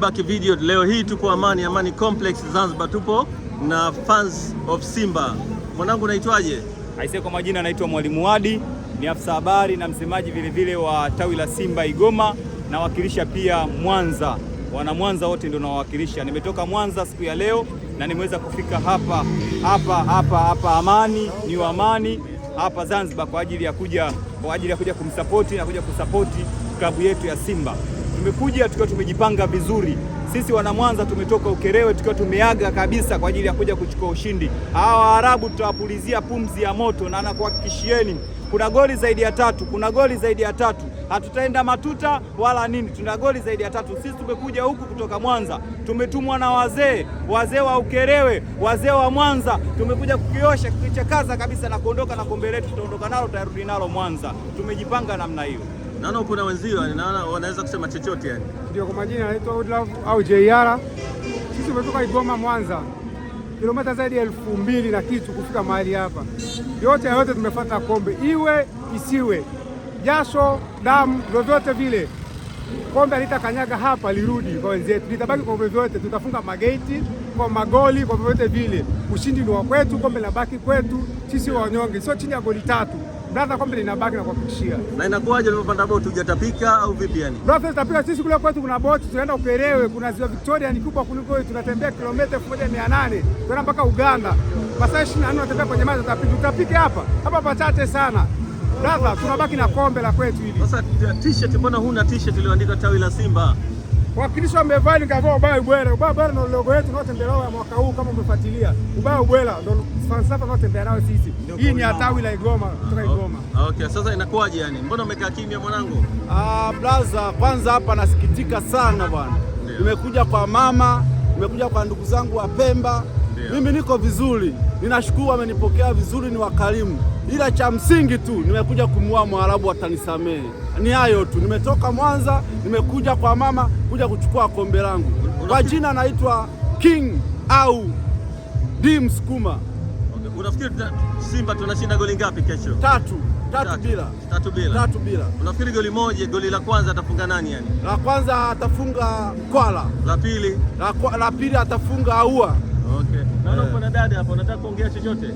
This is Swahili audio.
Back video leo hii tupo Amani, Amani Complex Zanzibar, tupo na fans of Simba. Mwanangu naitwaje? Aisee, kwa majina naitwa Mwalimu wadi ni afisa habari na msemaji vilevile wa tawi la Simba Igoma, nawakilisha pia Mwanza. Wana Mwanza wote ndio nawawakilisha. Nimetoka Mwanza siku ya leo na nimeweza kufika hapa hapa hapa hapa Amani, ni Amani hapa Zanzibar kwa ajili ya kuja kwa ajili ya kuja kumsapoti na kuja kusapoti klabu yetu ya Simba. Tumekuja tukiwa tumejipanga vizuri. Sisi wana Mwanza tumetoka Ukerewe tukiwa tumeaga kabisa kwa ajili ya kuja kuchukua ushindi. Hawa Waarabu tutawapulizia pumzi ya moto, na nakuhakikishieni kuna goli zaidi ya tatu, kuna goli zaidi ya tatu. Hatutaenda matuta wala nini, tuna goli zaidi ya tatu. Sisi tumekuja huku kutoka Mwanza, tumetumwa na wazee, wazee wa Ukerewe, wazee wa Mwanza. Tumekuja kukiosha, kukichakaza kabisa na kuondoka na kombe letu. Tutaondoka nalo, tutarudi nalo Mwanza. Tumejipanga namna hiyo naona upo na wenzio, naona wanaweza kusema chochote yani. Ndio, kwa majina anaitwa Woodlove au JR. Sisi tumetoka Igoma Mwanza, kilomita zaidi ya elfu mbili na kitu kufika mahali hapa. Yote yote tumefuata kombe, iwe isiwe, jasho damu, vyovyote vile kombe alitakanyaga hapa lirudi kwa wenzetu, litabaki kwa vyovyote, tutafunga mageti kwa magoli, kwa vyovyote vile ushindi ni wa kwetu, kombe labaki kwetu sisi wanyonge, sio chini ya goli tatu brother kombe linabaki na kuhakikishia. Na inakuwaje ulipopanda boti hujatapika au vipi yani? Brother tutapika sisi kule kwetu kuna boti tunaenda Ukerewe, kuna ziwa Victoria ni kubwa kuliko hiyo tunatembea kilomita 1800 tunaenda mpaka Uganda. Masaa 24 tunatembea kwenye maji tutapika. Tutapika hapa. Hapa pachache sana. Brother tunabaki na kombe la kwetu hili. Sasa t-shirt mbona huna t-shirt iliyoandikwa tawi la Simba? Wakilishi wamevaa nikavaa ubaya ubwela. Ubaya ubwela ndio logo yetu tunayotembea nayo ya mwaka huu, kama umefuatilia. Ubaya ubwela ndio falsafa tunayotembea nayo sisi. Hii ni atawi la Igoma, kutoka Igoma. Okay, sasa inakuwaje yani? Mbona umekaa kimya mwanangu? Ah, brother, kwanza hapa nasikitika sana bwana. Nimekuja kwa mama, nimekuja kwa ndugu zangu wa Pemba mimi niko vizuri, ninashukuru, amenipokea vizuri, ni wakarimu, ila cha msingi tu nimekuja kumuua Mwarabu, atanisamehe. Ni hayo tu, nimetoka Mwanza, nimekuja kwa mama kuja kuchukua kombe langu. Kwa jina naitwa King au D Msukuma. Okay. Unafikiri Simba tunashinda goli ngapi kesho? Tatu. Tatu bila. Tatu bila. Tatu bila. Unafikiri goli moja, goli la kwanza atafunga nani yani? La kwanza atafunga Kwala. La pili? La, la pili atafunga Aua. Okay. Naona eh. kuna dada hapo, unataka kuongea chochote?